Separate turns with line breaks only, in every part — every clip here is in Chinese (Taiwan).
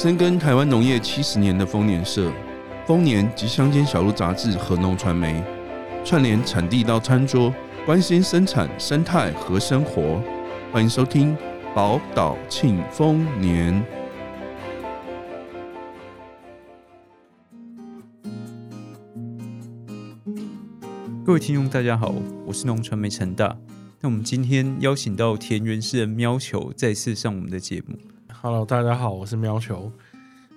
深耕台灣農業七十年的豐年社、豐年及鄉間小路雜誌和農傳媒，串聯產地到餐桌，關心生產生態和生活。歡迎收聽《寶島慶豐年》。各位聽眾，大家好，我是農傳媒陳大。那我們今天邀請到田園詩人喵球再次上我們的節目。
哈嘍，大家好，我是喵球。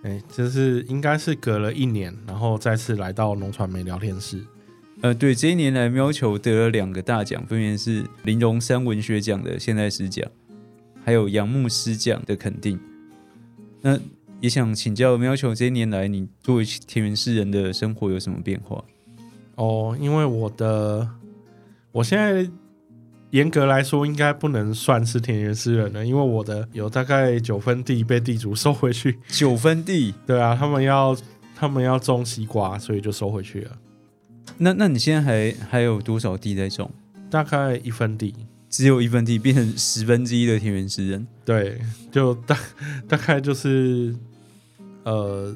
哎、欸，這是應該是隔了一年，然後再次來到龍傳媒聊天室。
呃，對，這一年來，喵球得了兩個大獎，分別是林榮三文學獎的現代詩獎，還有楊牧詩獎的肯定。那也想請教喵球，這一年來你作為田園詩人的生活有什麼變化？
哦，因為我的，我現在。嚴格來說，應該不能算是田園詩人了，因為我的有大概九分地被地主收回去。九分地？ 對啊，他們要他們要種西瓜，所以就收回去了。
那那你現在還還有多少地在種？大概一分地。只有一分地變
成十分之一的田園詩人。對，就大大概就是呃。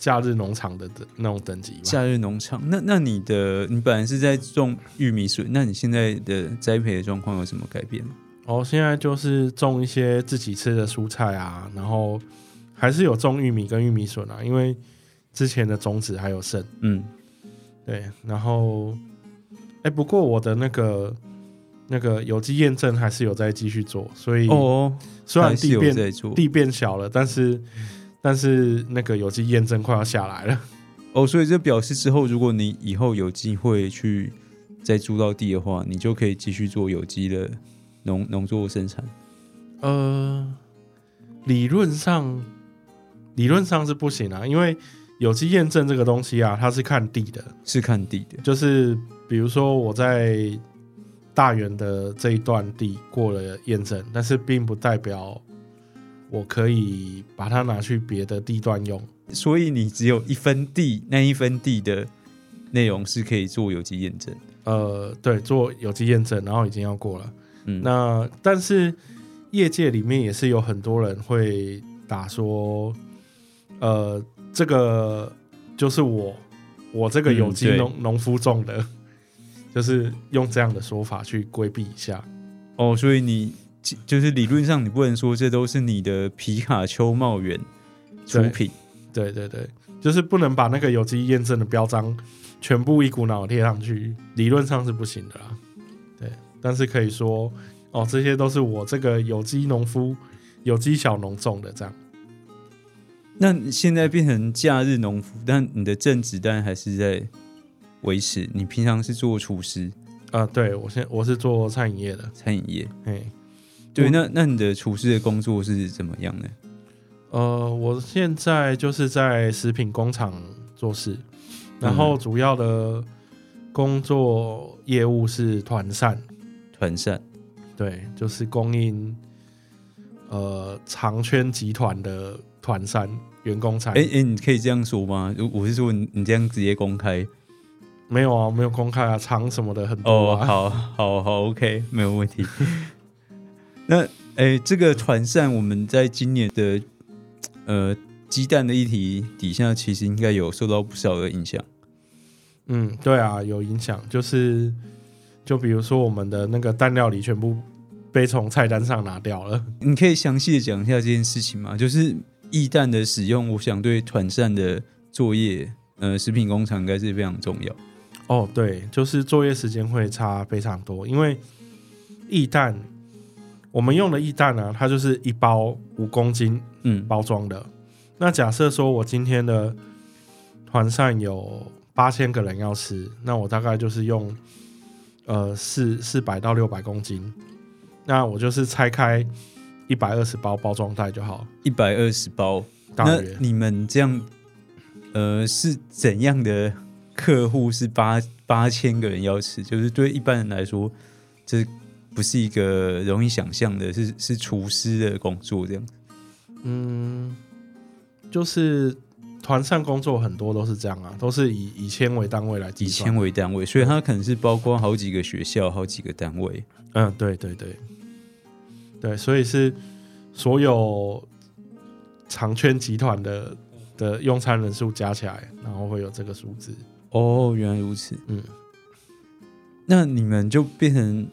假日農場的那種等級吧，假日農場。那那
你的你本來是在種玉米筍，那你現在的栽培的狀況有什麼改變
嗎？哦，現在就是種一些自己吃的蔬菜啊，然後還是有種玉米跟玉米筍啊，因為之前的種子還有剩。嗯，對。然後，哎、欸，不過我的那個那個有機驗證還是有在繼續做，所以哦，雖然地變地變小了，但是。但是那個有機驗證快要下來了，哦，所以這表示之後如果你以
後有機會去再租到地的話，你就可以繼續做有機的農農作生產。
呃，理論上理論上是不行啊，因為有機驗證這個東西啊，它是看地的，是看地的。就是比如說我在大園的這一段地過了驗證，但是並不代表。我可以把它拿去別的地段用，
所以你只有一分地，那一分地的內容是可以做有機驗證？
呃，對，做有機驗證，然後已經要過了。嗯，那但是業界裡面也是有很多人會打說，呃，這個就是我我這個有機農農夫種的，就是用這樣的說法去規避一下。哦，
所以你。就是理論上，你不能說這都是你的皮卡丘茂園出品，
對對對，就是不能把那個有機驗證的標章全部一股腦貼上去，理論上是不行的啦。對，但是可以說哦，這些都是我這個有機農夫、有機小農種的這樣。
那你現在變成假日農夫，但你的正職當然還是在維持。你平常是做廚師
啊？對，我現我是做餐飲業的，
餐飲業，嘿對，那那你的廚師的工作是怎麼樣呢？嗯？
呃，我現在就是在食品工廠做事，然後主要的工作業務是團膳，團膳，對，就是供應呃長圈集團的團膳員工餐。哎、欸、哎、
欸，你可以這樣說嗎？我是說你你這樣直接公開？
沒有啊，沒有公開啊，長什麼的很多、啊、哦，好
好好，OK，沒有問題。 那哎、欸，這個團膳我們在今年的呃雞蛋的議題底下，其實應該有受到不少的影響。
嗯，對啊，有影響，就是就比如說我們的那個蛋料理全部被從菜單上拿掉了。你可以詳細的講一下這件事情嗎？就是液蛋
的使用，我想對團膳的作業，呃，食品工廠應該是非常重要。
哦，對，就是作業時間會差非常多，因為液蛋。我們用的液蛋呢、啊，它就是一包五公斤包裝的、嗯。那假設說我今天的團膳有八千個人要吃，那我大概就是用呃四四百到六百公斤，那我就是拆開一百二十包包裝袋就好。
一百二十包，那你們這樣呃是怎樣的客戶是八八千個人要吃？就是對一般人來說，就是。不是一個容易想象的，是是廚師的工作這樣。
嗯，就是團膳工作很多都是這樣啊，都是以以千為單位來計，以千
為單位，所以它可能是包括好幾個學校、好幾個單位。嗯，對對對，
對，所以是所有長圈集團的的用餐人數加起來，然後會有這個數字。
哦，原來如此。嗯，那你們就變成。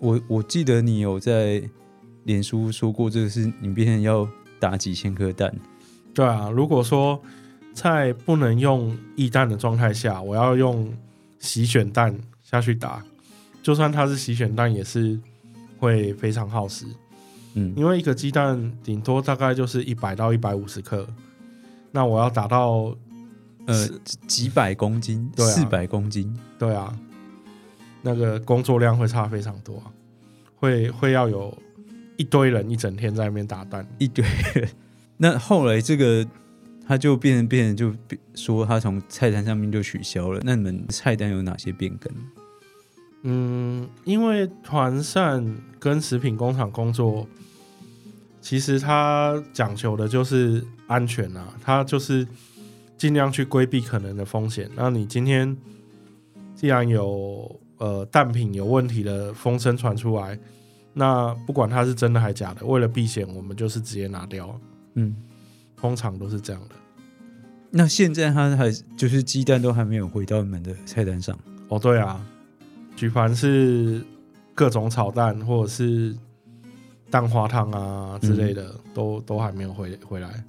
我我記得你有在臉書說過，這個是你變成要打幾千顆蛋。
對啊，如果說在不能用液蛋的狀態下，我要用洗選蛋下去打，就算它是洗選蛋，也是會非常耗時。嗯，因為一個雞蛋頂多大概就是一百到一百五十克，那我要打到呃幾百公斤，四百公斤，對啊。那個工作量會差非常多，啊，會會要有一堆人一整天在那邊打蛋一堆。 那後來這個
他就變變就說他從菜單上面就取消了。那你們菜單有哪些變更？
嗯，因為團膳跟食品工廠工作，其實他講求的就是安全啊，他就是盡量去規避可能的風險。那你今天既然有。呃，蛋品有問題的風聲傳出來，那不管它是真的還假的，為了避險，我們就是直接拿掉。嗯，通常都是這樣的。那現在它還就是雞蛋都還沒有回到你們的菜單上？哦，對啊，舉凡是各種炒蛋或者是蛋花湯啊之類的，嗯、都都還沒有回回來。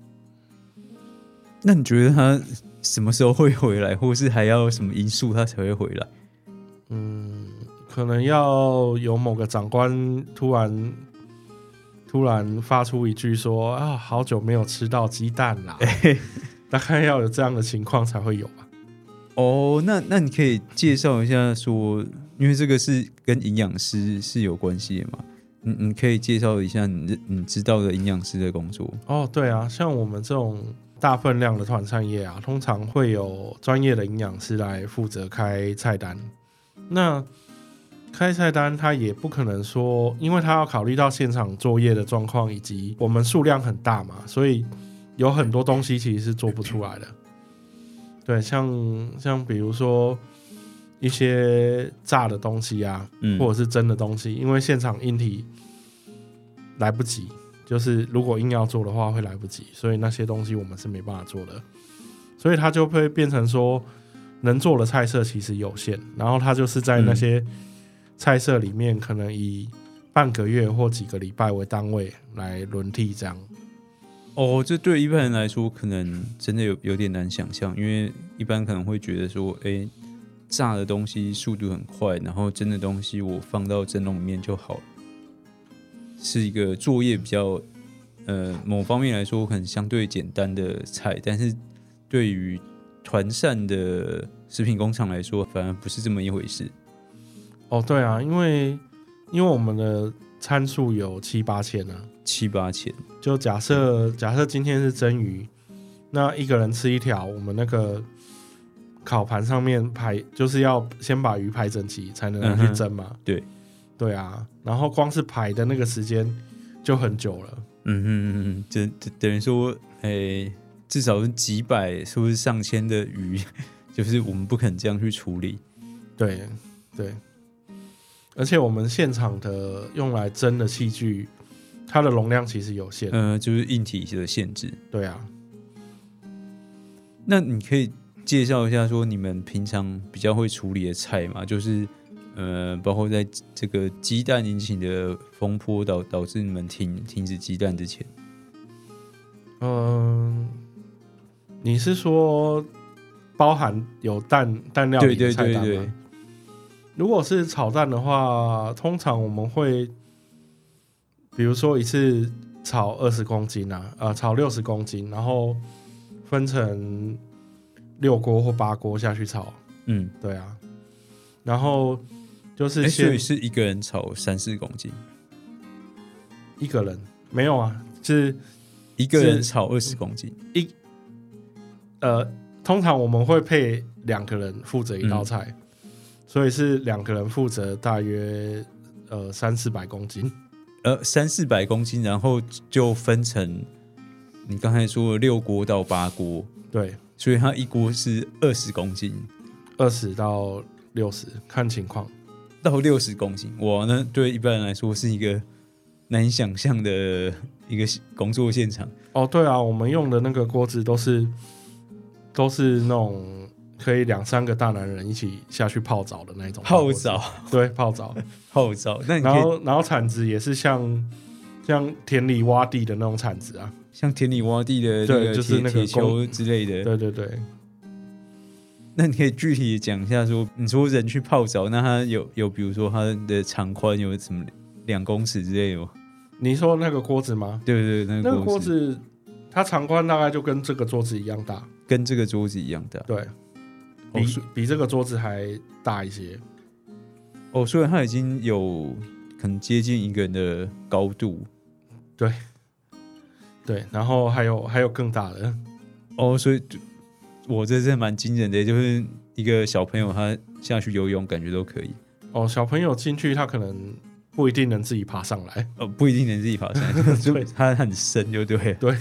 那你覺得它什麼時候會回來，或是還要什麼因素它才會回來？
嗯，可能要有某個長官突然突然發出一句說，啊，好久沒有吃到雞蛋啦、 欸，大概要有這樣的情況才會有吧，啊。哦、oh,，那那你可以
介紹一下說，嗯，因為這個是跟營養師是有關係的嘛。你你可以介紹一下你你知道的營養師的工作。
哦、oh,，對啊，像我們這種大分量的團餐業啊，通常會有專業的營養師來負責開菜單。那開菜單，他也不可能說，因為他要考慮到現場作業的狀況，以及我們數量很大嘛，所以有很多東西其實是做不出來的。對，像像比如說一些炸的東西啊，或者是蒸的東西，因為現場硬體來不及，就是如果硬要做的話會來不及，所以那些東西我們是沒辦法做的，所以他就會變成說。能做的菜色其實有限，然後他就是在那些菜色裡面，可能以半個月或幾個禮拜為單位來輪替這樣。
哦，這對一般人來說可能真的有有點難想象，因為一般人可能會覺得說，哎、欸，炸的東西速度很快，然後蒸的東西我放到蒸籠裡面就好。是一個作業比較，呃，某方面來說可能相對簡單的菜，但是對於團膳的食品工廠來說，反而不是這麼一回事。
哦，對啊，因為因為我們的餐數有七八千啊，七八千。就假設假設今天是蒸魚，那一個人吃一條，我們那個烤盤上面排，就是要先把魚排整齊才能去蒸嘛、嗯。對，對啊。然後光是排的那個時間就很久了。嗯哼嗯
嗯，這這等等於說，哎、欸。至少是幾百，是不是上千的魚？就是我們不肯這樣去處理。對，
對。而且我們現場的用來蒸的器具，它的容量其實有限。嗯、
呃，就是硬體的限制。對啊。那你可以介紹一下，說你們平常比較會處理的菜嗎？就是，呃，包括在這個雞蛋引起的風波導導致你們停停止雞蛋之前。嗯、
呃。你是說包含有蛋蛋料理的菜單嗎？對，對對對對。如果是炒蛋的話，通常我們會比如說一次炒二十公斤啊，呃，炒六十公斤，然後分成六鍋或八鍋下去炒。嗯，對啊。然後就是、欸、所以
是一個人炒三四公斤，
一個人沒有啊，就是一個人炒二十公斤一。呃，通常我們會配兩個人負責一道菜，嗯、所以是兩個人負責大約呃三四百公斤，
呃三四百公斤，然後就分成你剛才說的六鍋到八鍋，對，所以它一鍋是二十公斤，二十到六十看情況，到六十公斤。我呢，對一般人來說是一個難以想象的一個工作現場。
哦，對啊，我們用的那個鍋子都是。都是那種可以兩三個大男人一起下去泡澡的那種泡，泡澡，對泡澡 泡澡。那你可以然後然後鏟子也是像像田裡挖地的那種鏟子啊，像田裡挖地的對，就是那個鐵鍬
之類的。對，對對對。那你可以具體講一下說，說你說人去泡澡，那他有有比如說他的長寬有什麼兩公尺之類有、
哦？你說那個鍋子嗎？
對對對，那個鍋
子，它、那個、長寬大概就跟這個桌子一樣大。
跟這個桌子一樣大，
對比、哦、比這個桌子還大一些。
哦，所以他已經有很接近一個人的高度，
對對，然後還有還有更大的
哦。所以，我這是蠻驚人的，就是一個小朋友他下去游泳，感覺都可以。
哦，小朋友進去他可能不一定能自己爬
上來，哦，不一定能自己爬上來， 就他很深，就對對。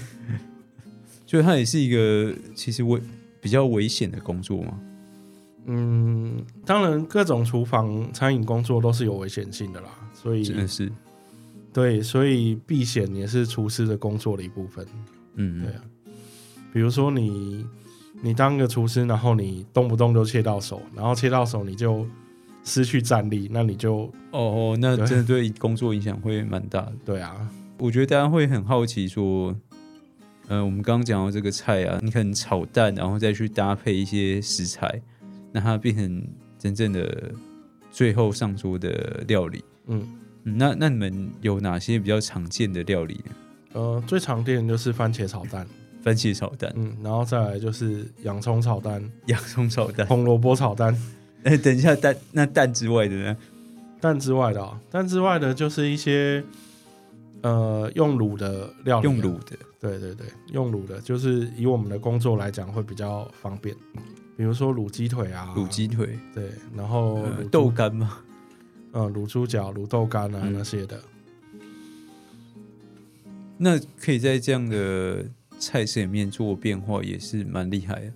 就它也是一個其實危比較危險的工作嘛。嗯，
當然各種廚房餐飲工作都是有危險性的啦，所以真的是。對，所以避險也是廚師的工作的一部分。嗯嗯。對啊，比如說你你當個廚師，然後你動不動就切到手，然後切到手你就失去戰力，那你就
哦哦，那真的對工作影響會蠻大。對啊，我覺得大家會很好奇說。呃，我們剛剛講到這個菜啊，你可能炒蛋，然後再去搭配一些食材，那它變成真正的最後上桌的料理。嗯，嗯，那那你們有哪些比較常見的料理呢？
呃，最常見就是番茄炒蛋，
番茄炒
蛋。嗯，然後再來就是洋蔥炒蛋，洋蔥炒蛋，紅蘿蔔炒蛋。哎， 等一下，蛋，那蛋之外的呢？蛋之外的喔？蛋之外的，就是一些呃用滷的料理，用滷的。對對對，用滷的就是以我們的工作來講會比較方便，比如說滷雞腿啊，滷雞腿對，然後、呃、豆乾嘛，嗯，滷豬腳、滷豆乾啊、嗯、那些的。
那可以在這樣的菜式裡面做變化，也是蠻厲害的、啊。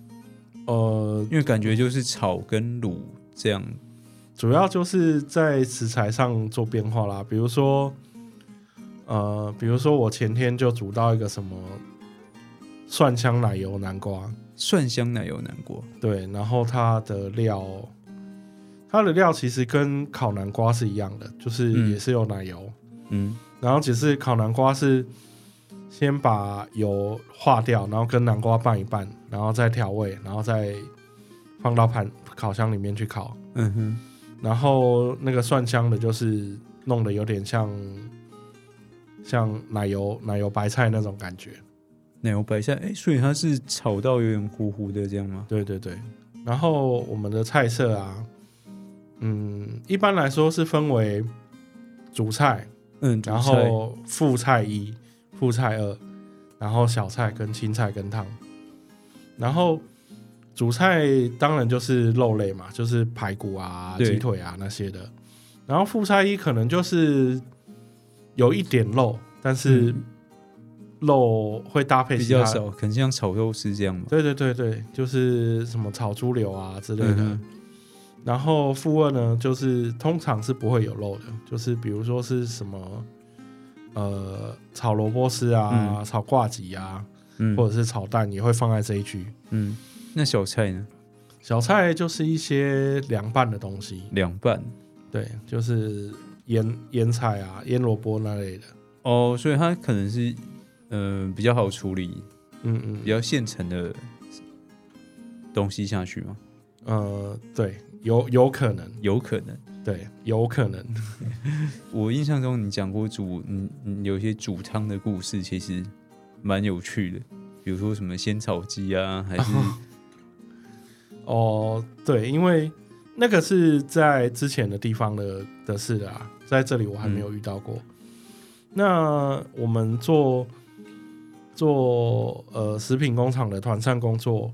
呃，因為感覺就是炒跟滷這
樣，主要就是在食材上做變化啦，比如說。呃，比如說我前天就煮到一個什麼蒜香奶油南瓜，蒜香奶油南瓜，對，然後它的料，它的料其實跟烤南瓜是一樣的，就是也是有奶油，
嗯，
嗯，然後只是烤南瓜是先把油化掉，然後跟南瓜拌一拌，然後再調味，然後再放到盤烤箱裡面去烤，嗯哼，然後那個蒜香的，就是弄得有點像。像奶油奶油白菜那種感覺，
奶油白菜，哎、欸，所以它是
炒到有點糊糊的這樣嗎？對對對。然後我們的菜色啊，嗯，一般來說是分為主菜，嗯，主菜然後副菜一、副菜二，然後小菜跟青菜跟湯。然後主菜當然就是肉類嘛，就是排骨啊、雞腿啊那些的。然後副菜一可能就是。有一點肉，但是肉會搭配比較少，
可能像炒肉絲這樣
嘛。對對對，就是什麼炒豬柳啊之類的。然後副二呢，就是通常是不會有肉的，就是比如說是什麼呃炒蘿蔔絲啊、炒掛吉啊，或者是炒蛋也會放在這一區。嗯，那小菜呢？小菜就是一些涼拌的東西。涼拌，對，就是。醃醃菜啊，醃蘿蔔那類的
哦，所以它可能是嗯、呃、比較好處理，嗯嗯，比較現成的東西下去嗎？
呃，對，有有可能，有可能，對，有可能。我印象中你講過煮，
嗯有些煮湯的故事其實蠻有趣的，比如說什麼仙草雞啊，還是
哦，對，因為那個是在之前的地方的的事的啊。在這裡我還沒有遇到過。嗯、那我們做做呃食品工廠的團餐工作，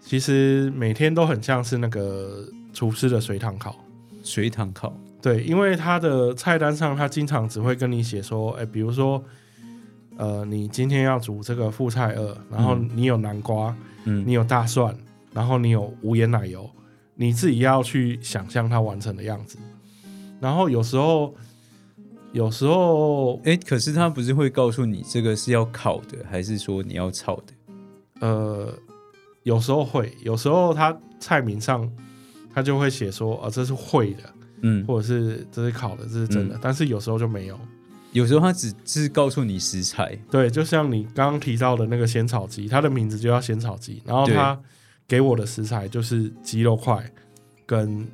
其實每天都很像是那個廚師的隨堂考。隨堂考，對，因為他的菜單上他經常只會跟你寫說，哎、欸，比如說，呃，你今天要煮這個副菜二，然後你有南瓜，嗯，你有大蒜，嗯、然後你有無鹽奶油，你自己要去想象它完成的樣子。然後有時候，有時候，
哎、欸，可是他不是會告訴你這個是要烤的，還是說你要炒的？
呃，有時候會，有時候他菜名上他就會寫說，啊，這是會的，嗯，或者是這是烤的，這是真的，嗯、但是有時候就沒有，
有時候他只是告訴你食材，
對，就像你剛剛提到的那個仙草雞，它的名字就叫仙草雞，然後他給我的食材就是雞肉塊跟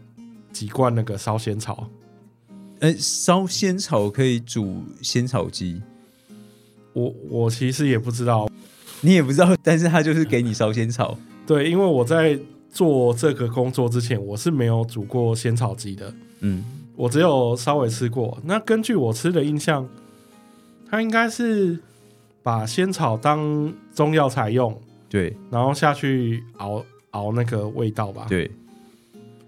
幾罐那個燒仙草。哎、欸，燒仙草可以煮
仙草雞，我我其實也不知道，你也不知道，但是
他就是給你燒仙草，嗯。對，因為我在做這個工作之前，我是沒有煮過仙草雞的。嗯，我只有稍微吃過。那根據我吃的印象，他應該是把仙草當中藥材用，對，然後下去熬熬那個味道吧。對，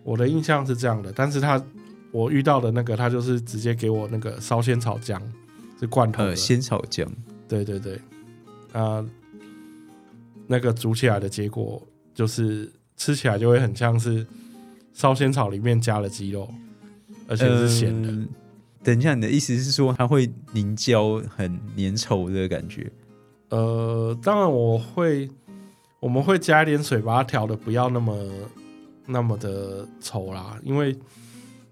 我的印象是這樣的，但是他。我遇到的那個他就是直接給我那個燒仙草醬，是罐頭的、呃、仙草醬。對對對，啊，那個煮起來的結果就是吃起來就會很像是燒仙草裡面加了雞肉，而且是鹹
的、呃。等一下，你的意思是說它會凝膠很粘稠的感覺？
呃，當然我會，我們會加一點水把它調的不要那麼那麼的稠啦，因為。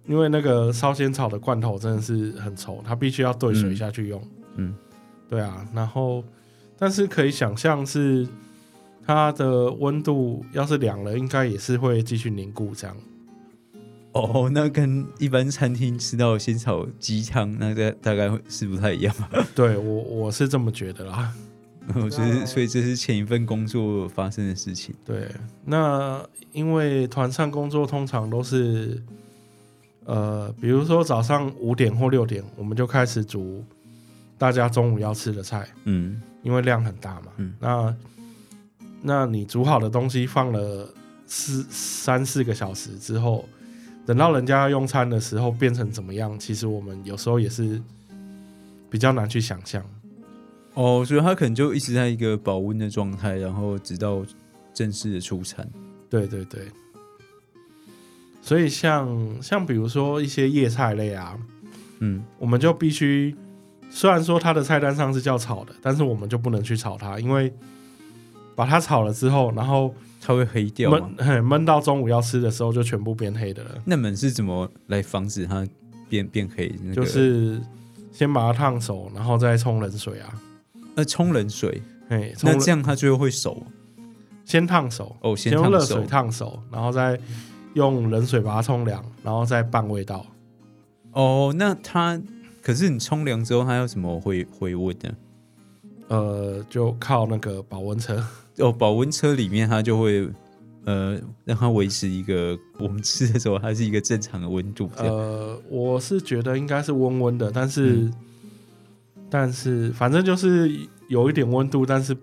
因為那個燒仙草的罐頭真的是很稠，它必須要兌水下去用嗯。嗯，對啊。然後，但是可以想象是它的溫度要是涼了，應該也是會繼續凝固這樣。哦，那跟一般餐廳吃到的仙草雞湯，那大、個、大概是
不太一樣吧？
對我我是這麼覺得啦。所以，所
以這是前一份工作發生的事情。對，
那因為團膳工作通常都是。呃，比如說早上五點或六點，我們就開始煮大家中午要吃的菜，嗯，因為量很大嘛，嗯，那那你煮好的東西放了四三四個小時之後，等到人家用餐的時候變成怎麼樣？其實我們有時候也是比較難去想象。
哦，所以他可能就一直在一個保溫的狀態，然後
直到正式的出餐。對對對。所以像像比如說一些葉菜類啊，嗯，我們就必須雖然說它的菜單上是叫炒的，但是我們就不能去炒它，因為把它炒了之後，然後它會黑掉，悶悶到中午要吃的時候就全部變黑的了。
那們是怎麼來防止它變變黑，那個？就是
先把它燙熟，然後再沖冷水啊。呃，沖冷水，嘿，那這樣它就會熟。先燙熟哦，先用熱水燙熟，然後再。用冷水把它沖涼，然後再拌味道。哦，那它可是你沖涼之後，
它有什麼會回溫呢？呃，
就靠那個保溫車
哦，保溫車裡面它就會呃讓它維持一個我們吃的時候它是一個正常的溫度。呃，
我是覺得應該是溫溫的，但是、嗯、但是反正就是有一點溫度，但是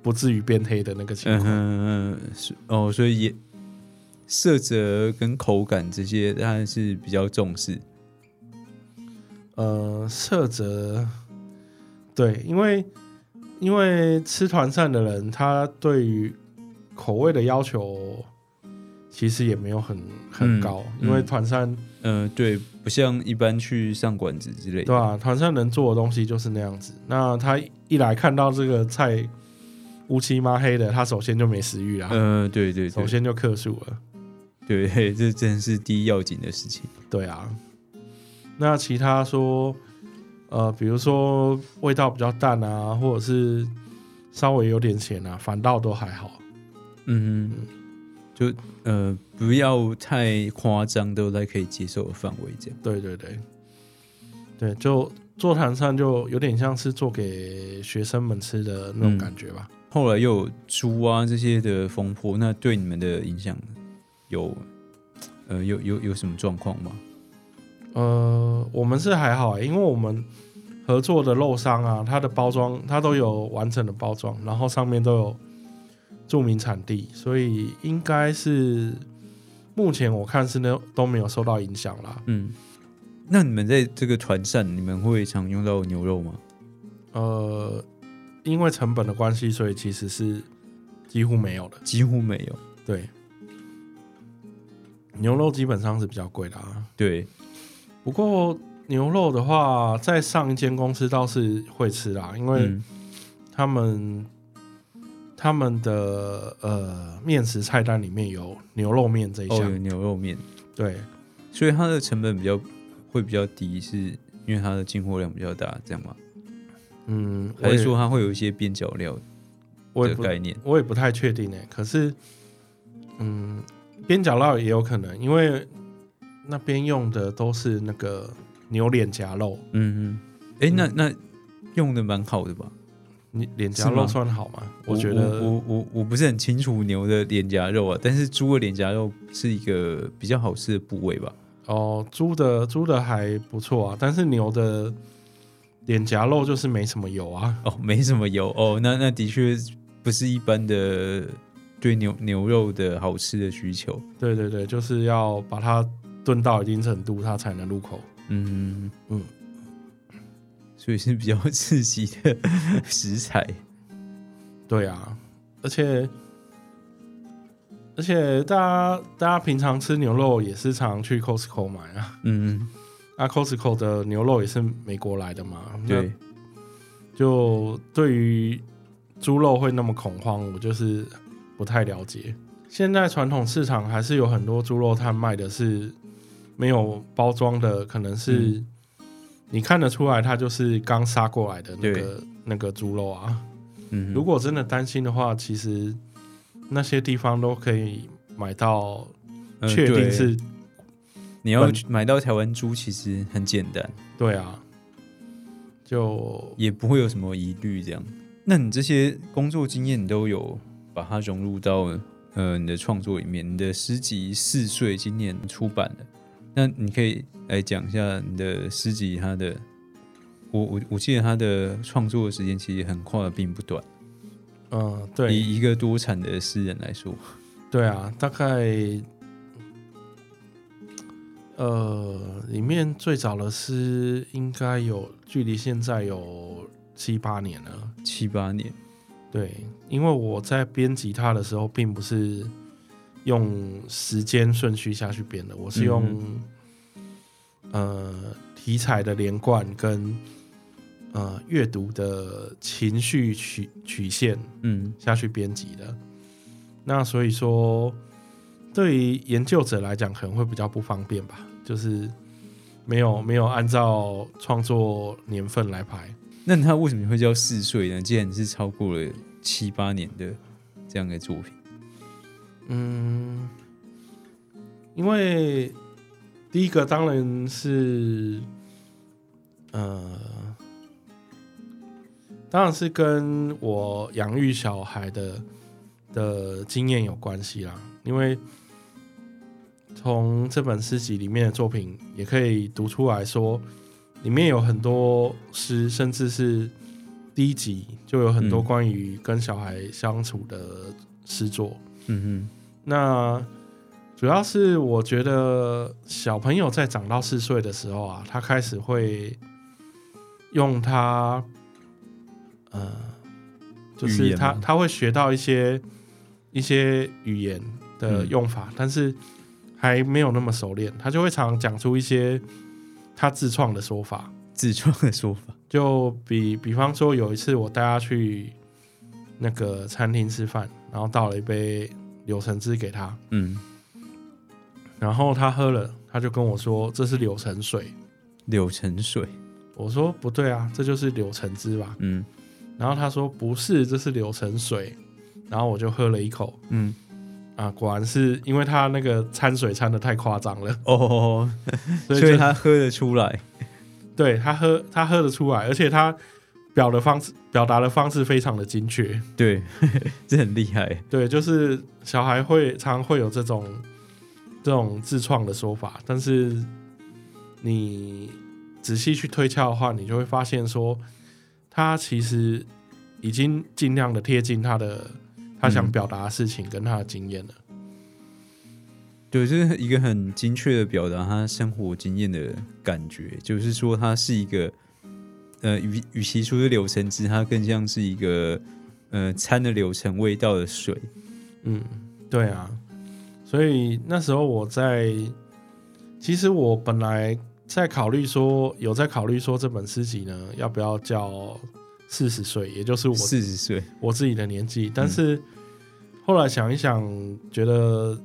不至於變黑的那個情況。嗯嗯嗯，是哦，所以也。色澤跟
口感這些，當然是比較重視。
呃，色澤，對，因為因為吃團膳的人，他對於口味的要求其實也沒有很很高，嗯嗯、因為團膳，
呃，對，不像一般去上館子之類的，對啊，團
膳能做的東西就是那樣子。那他一來看到這個菜烏漆嘛黑的，他首先就沒食欲啦。嗯、呃，
對，對對，首先就
克數了。
對，這真是第一要緊的事情。
對啊，那其他說，呃，比如說味道比較淡啊，或者是稍微有點鹹啊，反倒都還好。嗯
哼，就呃不要太誇張，都在可以接受的範圍。這樣，
對對對，對，就座談上就有點像是做給學生們吃的那種感覺吧。
嗯，後來又有豬啊這些的風波，那對你們的影響呢？有，呃，有有有什麼狀況嗎？
呃，我們是還好，欸，因為我們合作的肉商啊，它的包裝它都有完整的包裝，然後上面都有著名產地，所以應該是目前我看是都沒有受到影響啦。
嗯，那你們在這個團膳，你們會常
用到牛肉嗎？呃，因為成本的關係，所以其實是幾乎沒有了，幾乎沒有。對。牛肉基本上是比較貴的啊。對，不過牛肉的話，在上一間公司倒是會吃啦，因為他們、嗯、他們的呃麵食菜單裡面有牛肉麵這一項，哦、有
牛肉麵。對，所以它的成本比較會比較低，是因為它的進貨量比較大，這樣嗎？嗯，
還是說它
會有一些邊角料？我的概
念，我也不，我也不太確定呢、欸。可是，嗯。.邊角料也有可能，因為那邊用的都是那個牛臉頰肉。嗯嗯，哎、欸，那那用的蠻好的吧？你臉頰肉算好嗎，嗎？我覺得我我我，
我不是很清楚牛的臉頰肉啊，但是豬的臉頰肉是一個比較好吃的部位吧？
哦，豬的豬的還不錯啊，但是牛的臉頰肉就是沒什麼油啊。
哦，沒什麼油哦，那那的確不是一般的。對牛牛肉的好吃的需求，
對對對，就是要把它燉到一定程度，它才能入口。嗯
嗯，所以是比較刺激的食材。 對啊，
而且而且大家大家平常吃牛肉也是常去 Costco 買啊。嗯嗯，那、啊、Costco 的牛肉也是美國來的嘛？對。就對於豬肉會那麼恐慌，我就是。不太了解，現在傳統市場還是有很多豬肉攤賣的是沒有包裝的，可能是你看得出來，它就是剛殺過來的那個那個豬肉啊。嗯，如果真的擔心的話，其實那些地方都可以買到，確定是、嗯、你要買
到台灣豬，其實很簡單。對啊，就也不會有什麼疑慮這樣。那你這些工作經驗，你都有？把它融入到呃你的創作裡面，你的詩集四歲今年出版了，那你可以來講一下你的詩集，他的，我我我記得他的創作的時間其實很快，並不短，嗯、呃，對，以一個多產的詩人來說，
對啊，大概，呃，裡面最早的詩應該有距離現在有七八年了，七八年。對，因為我在編輯它的時候，並不是用時間順序下去編的，我是用、嗯、呃題材的連貫跟呃閱讀的情緒曲曲線，嗯，下去編輯的。那所以說，對於研究者來講，可能會比較不方便吧，就是沒有沒有按照創作年份來排。
那他為什麼會叫四歲呢？既然是超過了七八年的這樣的作品，嗯，
因為第一個當然是，呃，當然是跟我養育小孩的的經驗有關係啦。因為從這本詩集裡面的作品也可以讀出來說。裡面有很多詩，甚至是第一集就有很多關於跟小孩相處的詩作。嗯嗯，那主要是我覺得小朋友在長到四歲的時候啊，他開始會用他，呃，就是他他會學到一些一些語言的用法，嗯，但是還沒有那麼熟練，他就會常常講出一些。他自創的說法，
自創的說法，
就比比方說，有一次我帶他去那個餐廳吃飯，然後倒了一杯柳橙汁給他，嗯，然後他喝了，他就跟我說，這是柳橙水，
柳橙水，
我說不對啊，這就是柳橙汁吧，嗯，然後他說不是，這是柳橙水，然後我就喝了一口，嗯。啊，果然是因為他那個摻水摻得太誇張了哦，oh, 所以他喝得出來。對他喝，他喝得出來，而且他表的方式、表達的方式非常的精確，對，這很厲害。對，就是小孩會常，常會有這種這種自創的說法，但是你仔細去推敲的話，你就會發現說，他其實已經盡量的貼近他的。他想表達的事情跟他的經驗呢、嗯？
對，就是一個很精確的表達他生活經驗的感覺，就是說他是一個，呃，與與其說是柳橙汁，它更像是一個，呃，摻了柳橙味道的水。嗯，
對啊。所以那時候我在，其實我本來在考慮說，有在考慮說這本詩集呢，要不要叫。四十歲，也就是我四十歲，我自己的年紀。但是後來想一想，嗯、覺得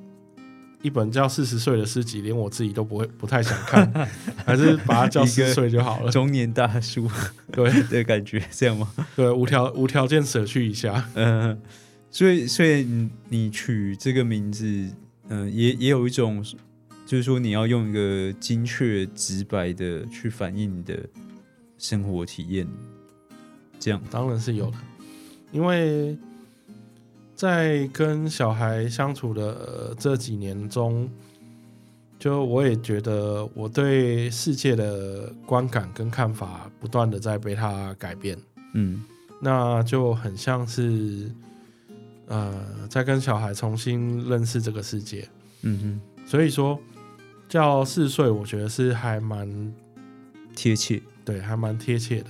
一本叫《四十歲》的詩集，連我自己都不會不太想看， 還是把它叫“四十歲”就好了，中年大叔。對，對 的感覺這樣嗎？對，無條無條件捨去一下。嗯，
所以所以你取這個名字，嗯，也也有一種，就是說你要用一個精確直白的去反映你的生活體驗。
這樣當然是有的，因為在跟小孩相處的這幾年中，就我也覺得我對世界的觀感跟看法不斷的在被他改變。嗯，那就很像是，呃，在跟小孩重新認識這個世界。嗯嗯，所以說叫四歲我覺得是還蠻貼切，對，還蠻貼切的。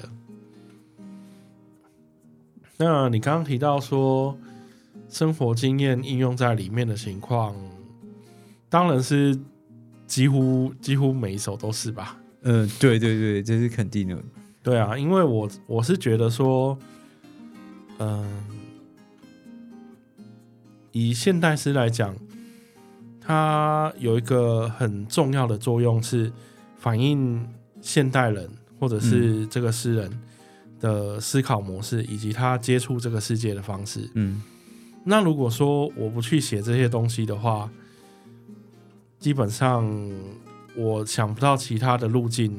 那你剛剛提到說，生活經驗應用在裡面的情況，當然是幾乎幾乎每一首都是吧？嗯、呃，對對對，這是肯定的。對啊，因為我我是覺得說，嗯、呃，以現代詩來講，它有一個很重要的作用是反映現代人，或者是這個詩人。嗯的思考模式，以及他接觸這個世界的方式。嗯，那如果說我不去寫這些東西的話，基本上我想不到其他的路徑，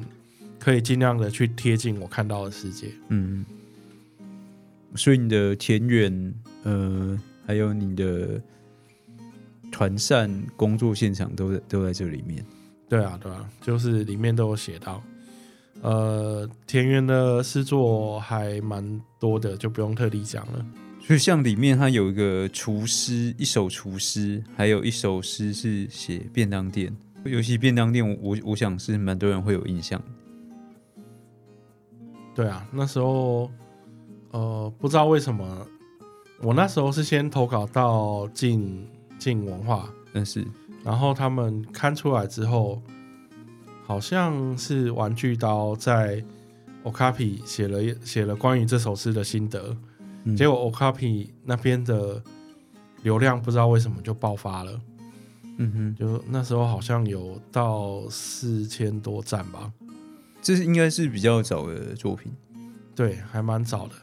可以盡量的去貼近我看到的世界。嗯，
所以你的田園，呃，還有你的團膳工作現場都，都都在這裡
面。對啊，對啊，就是裡面都有寫到。呃，田園的詩作還蠻多的，就不用特地講了。
所以像裡面它有一個廚師，一首廚師，還有一首詩是寫便當店，尤其便當店，我我,我想是蠻多人會有印象。
對啊，那時候，呃，不知道為什麼，我那時候是先投稿到進《進進文化》嗯，但是然後他們刊出來之後。好像是玩具刀在 Okapi 寫了寫了關於這首詩的心得、嗯，結果 Okapi 那邊的流量不知道為什麼就爆發了。嗯哼，就那時候好像有到四千多讚吧，
這是應該是比較早的作
品，對，還蠻早的。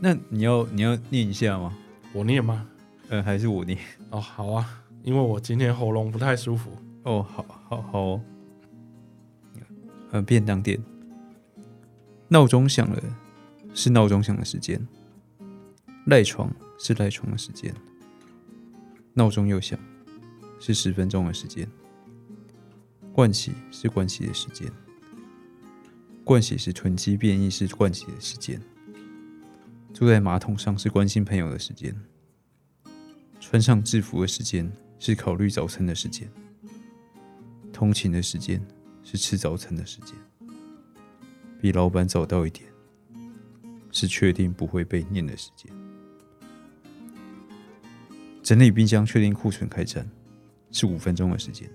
那你要你要念一下嗎？我念嗎？嗯、呃，還是我念？哦，好啊，因為我今天喉嚨不太舒服。哦，
好，好，好。好哦呃，便當店。鬧鐘響了，是鬧鐘響的時間；賴床是賴床的時間。鬧鐘又響，是十分鐘的時間。盥洗是盥洗的時間。盥洗是囤積便意是盥洗的時間。坐在馬桶上是關心朋友的時間。穿上制服的時間是考慮早餐的時間。通勤的時間。是吃早餐的時間，比老闆早到一點。是確定不會被念的時間。整理冰箱、確定庫存、開餐，是五分鐘的時間。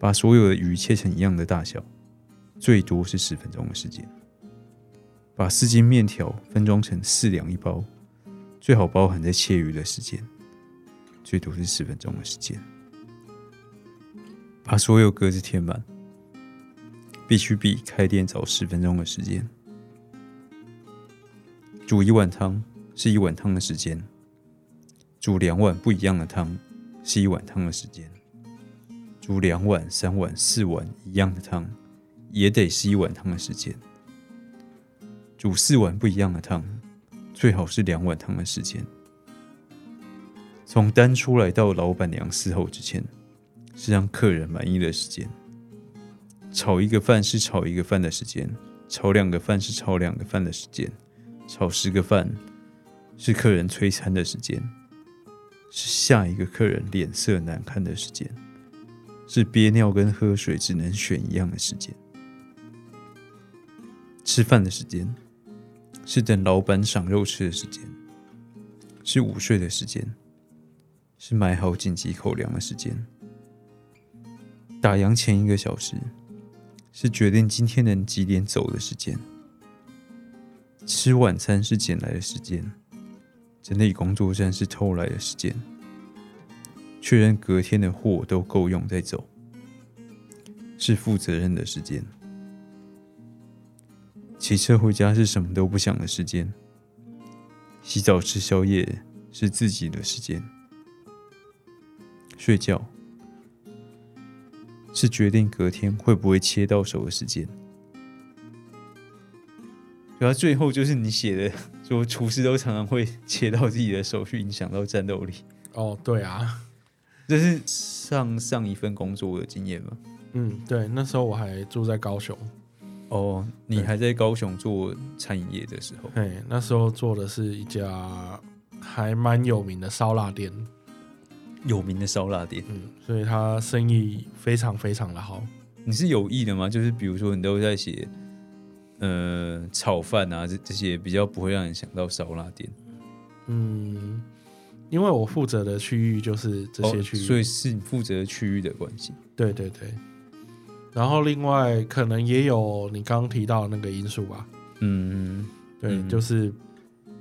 把所有的魚切成一樣的大小，最多是十分鐘的時間。把四斤麵條分裝成四兩一包，最好包含在切魚的時間，最多是十分鐘的時間。把所有格子填滿。必須比開店早十分鐘的時間。煮一碗湯是一碗湯的時間，煮兩碗不一樣的湯是一碗湯的時間，煮兩碗、三碗、四碗一樣的湯也得是一碗湯的時間。煮四碗不一樣的湯，最好是兩碗湯的時間。從單出來到老闆娘伺候之前，是讓客人滿意的時間。炒一個飯是炒一個飯的時間，炒兩個飯是炒兩個飯的時間，炒十個飯是客人催餐的時間，是下一個客人臉色難看的時間，是憋尿跟喝水只能選一樣的時間。吃飯的時間是等老闆賞肉吃的時間，是午睡的時間，是買好緊急口糧的時間。打烊前一個小時，是決定今天能幾點走的時間，吃晚餐是撿來的時間，整理工作站是偷來的時間，確認隔天的貨都夠用再走，是負責任的時間。騎車回家是什麼都不想的時間，洗澡吃宵夜是自己的時間，睡覺。是決定隔天會不會切到手的時間，然後最後就是你寫的說，廚師都常常會切到自己的手，去影響到戰鬥力。
哦，對啊，
這是上上一份工作的經驗嗎、哦啊？嗯，
對，那時候我還住在高雄。
哦，你還在高雄做餐飲業的時候？對，對，
那時候做的是一家還蠻有名的燒臘店。
有名的燒臘店，嗯，
所以他生意非常非常的好。
你是有意的嗎？就是比如說，你都在寫，呃，炒飯啊，這這些比較不會讓人想到燒臘店。
嗯，因為我負責的區域就是這些區域，哦，所以
是你負責的區域的關係。
對對對。然後另外可能也有你剛剛提到的那個因素吧。
嗯，
對，嗯，就是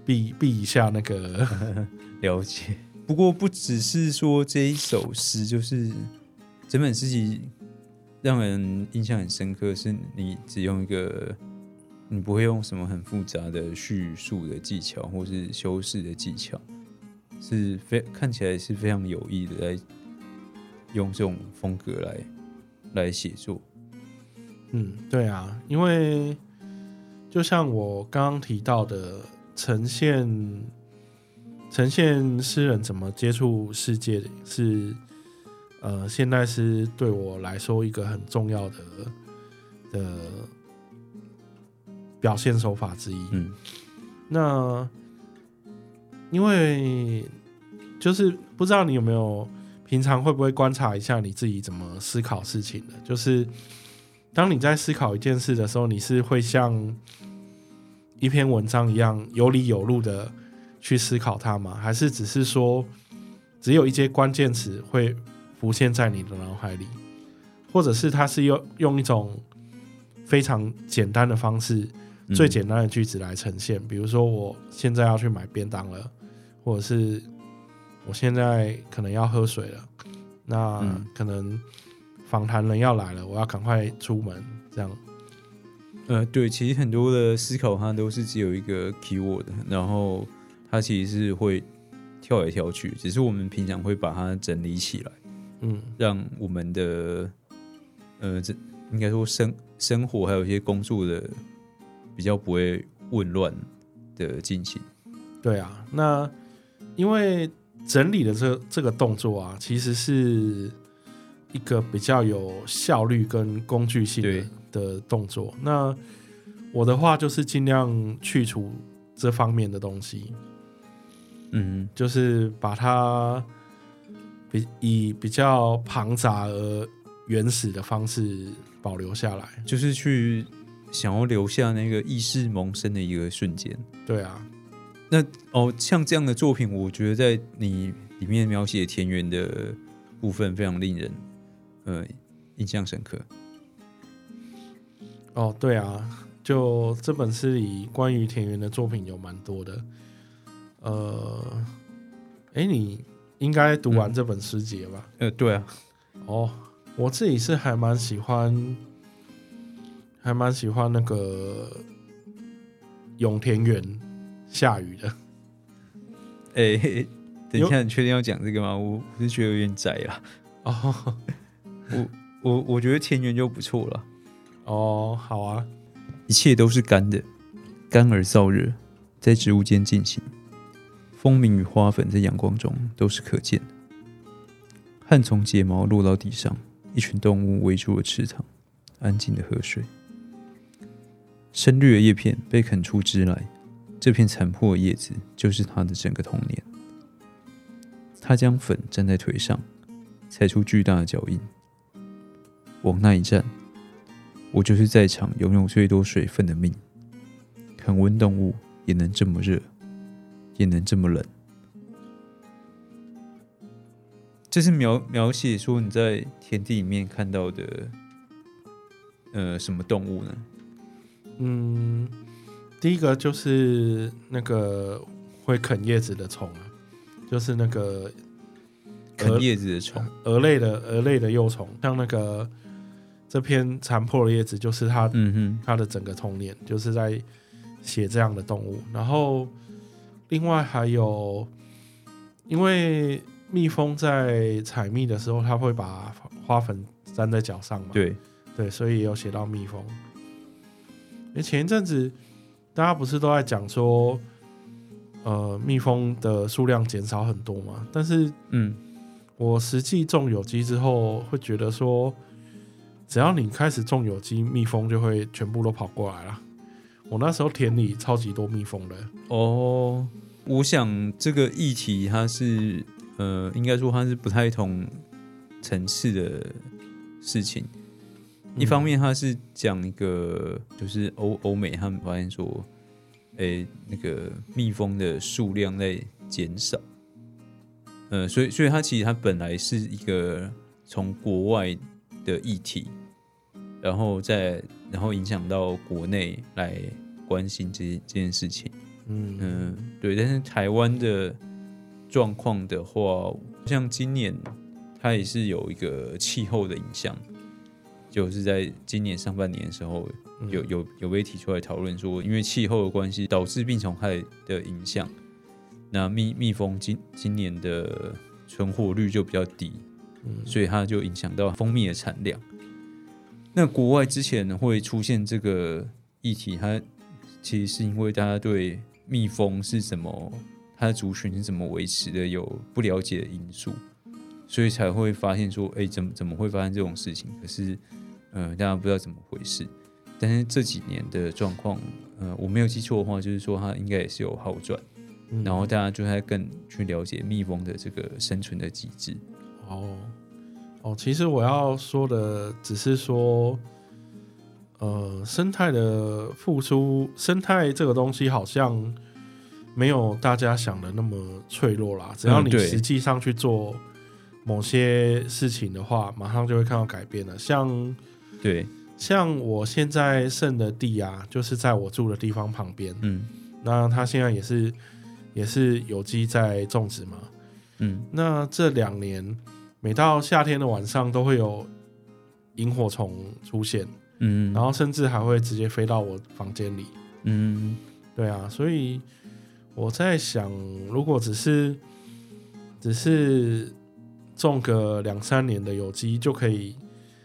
避避一下那個，呵呵，
了解。不過不只是說這一首詩，就是整本詩集讓人印象很深刻，是你只用一個，你不會用什麼很複雜的敘述的技巧或是修飾的技巧，是非看起來是非常有意的來用這種風格來來寫作。
嗯，對啊，因為就像我剛剛提到的，呈現。呈現詩人怎麼接觸世界是，呃，現代詩對我來說一個很重要的的表現手法之一。嗯，那因為就是不知道你有沒有平常會不會觀察一下你自己怎麼思考事情的，就是當你在思考一件事的時候，你是會像一篇文章一樣有理有路的，去思考它嗎？還是只是說，只有一些關鍵詞會浮現在你的腦海裡，或者是它是用用一種非常簡單的方式，嗯，最簡單的句子來呈現。比如說，我現在要去買便當了，或者是我現在可能要喝水了，那可能訪談人要來了，我要趕快出門。這樣，呃，對，其實很
多的思考它都是只有一個 keyword，然後，它其實是會跳來跳去，只是我們平常會把它整理起來，嗯，讓我們的呃，這應該說生生活還有一些工作的比較不會混亂的進行。
對啊，那因為整理的這這個動作啊，其實是一個比較有效率跟工具性的對的動作。那我的話就是盡量去除這方面的東西。嗯，就是把它比以比較龐雜而原始的方式保留下來，就是去想要留下那
個意識萌生的一個瞬間。對啊，那哦，像這樣的作品，我覺得在你裡面描寫田園的部分非常令人呃印象深刻。
哦，對啊，就這本書裡關於田園的作品有蠻多的。呃，哎，你應該讀完這本詩集了吧，嗯？呃，對啊。哦，我自己是還蠻喜歡，還蠻喜歡那個永田園下雨的。
哎，等一下，你確定要講這個嗎？我，我覺得有點窄了，啊。哦，我， 我，我覺得田園就不錯了。哦，好啊，一切都是乾的，乾而燥熱，在植物間進行。蜂鳴與花粉在陽光中都是可見的。汗從睫毛落到地上，一群動物圍住了池塘，安靜的喝水。深綠的葉片被啃出枝來，這片殘破的葉子就是它的整個童年。它將粉粘在腿上，踩出巨大的腳印。往那一站，我就是在場擁有最多水分的命。恆溫動物也能這麼熱。也能這麼冷，這是描描寫出你在田地裡面看到的，呃，什麼動物呢？嗯，
第一個就是那個會啃葉子的蟲啊，就是那個啃葉子的蟲，蛾類的蛾類的幼蟲，像那個這片殘破的葉子就是它，嗯哼，它的整個童年，就是在寫這樣的動物，然後。另外還有，因為蜜蜂在採蜜的時候，它會把花粉粘在腳上嘛。對對，所以也有寫到蜜蜂。前一陣子大家不是都在講說，呃，蜜蜂的數量減少很多嗎？但是，嗯，我實際種有機之後，會覺得說，只要你開始種有機，蜜蜂就會全部都跑過來了。我那時候田裡超級多蜜蜂的哦，oh, 我想這個議題
它是呃，應該說它是不太同層次的事情。一方面，它是講一個，嗯、就是歐歐美他們發現說，誒、欸，那個蜜蜂的數量在減少。呃，所以，所以它其實它本來是一個從國外的議題，然後在，然後影響到國內來關心這這件事情，嗯嗯，對。但是台灣的狀況的話，像今年它也是有一個氣候的影響，就是在今年上半年的時候有，嗯，有有有被提出來討論說，因為氣候的關係導致病蟲害的影響，那蜜蜜蜂今今年的存活率就比較低，嗯，所以它就影響到蜂蜜的產量。那國外之前會出現這個議題，它其實是因為大家對蜜蜂是怎麼它的族群是怎麼維持的有不了解的因素，所以才會發現說，哎、欸，怎麼怎麼會發生這種事情？可是，嗯、呃，大家不知道怎麼回事。但是這幾年的狀況，嗯、呃，我沒有記錯的話，就是說它應該也是有好轉、嗯，然後大家就會更去了解蜜蜂的這個生存的機制。
哦。哦，其實我要說的只是說，呃，生態的付出，生態這個東西好像沒有大家想的那麼脆弱啦。只要你實際上去做某些事情的話，嗯、馬上就會看到改變了。像，對，像我現在種的地啊，就是在我住的地方旁邊，嗯，那它現在也是也是有機在種植嘛，嗯，那這兩年。每到夏天的晚上，都會有螢火蟲出現，嗯，嗯，然後甚至還會直接飛到我房間裡，嗯，嗯，對啊，所以我在想，如果只是只是種個兩三年的有機，就可以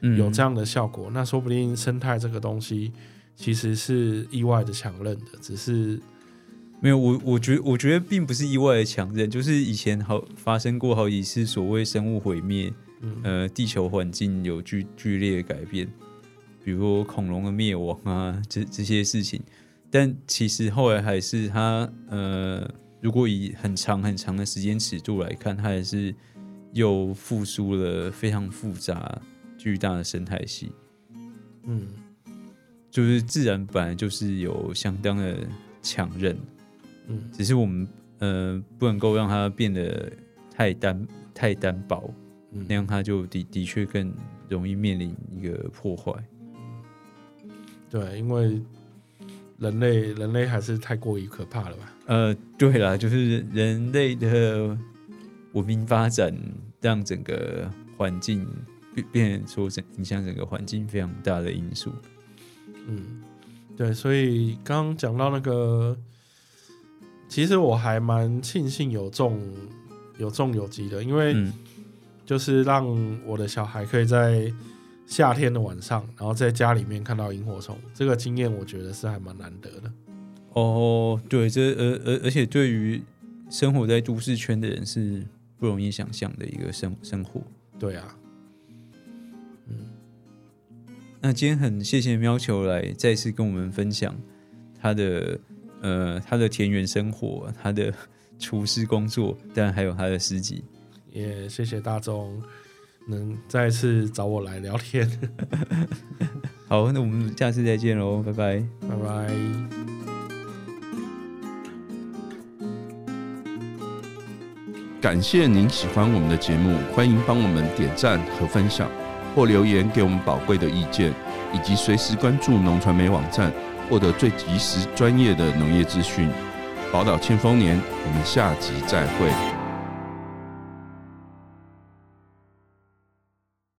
有這樣的效果，嗯，嗯，那說不定生態這個東西其實是意外的強韌的，只是。沒有，我我覺我覺得並不是意外的強韌，就是以
前好發生過好幾次所謂生物毀滅，嗯，呃，地球環境有劇劇烈的改變，比如恐龍的滅亡啊，這這些事情，但其實後來還是它，呃，如果以很長很長的時間尺度來看，它還是又復甦了非常複雜巨大的生態系，
嗯，
就是自然本來就是有相當的強韌。只是我們呃不能夠讓它變得太單太單薄，那樣它就的的確更容易面臨一個破壞。
對，因為人類人類還是太過於可怕了
吧？呃，對啦，就是人類的文明發展讓整個環境變變成影響整，整個環境非常大的因素。嗯，
對，所以剛剛講到那個。其實我還蠻慶幸，幸有種有種有機的，因為就是讓我的小孩可以在夏天的晚上，然後在家裡面看到螢火蟲，這個經驗我覺得是還蠻難得的。
哦，對，這而而、呃、而且對於生活在都市圈的人是不容易想象的一個生生活。對啊，嗯，那今天很謝謝喵球來再次跟我們分享他的。呃，他的田園生活，他的廚師工作，但還有他的詩集。也、
yeah, 謝謝大眾能再次找我來聊天。 好，那我們下次再見嘍，拜拜，拜拜。
感謝您喜歡我們的節目，歡迎幫我們點贊和分享，或留言給我們寶貴的意見，以及隨時關注農傳媒網站。獲得最及時專業的農業資訊，寶島慶豐年，我們下集再會。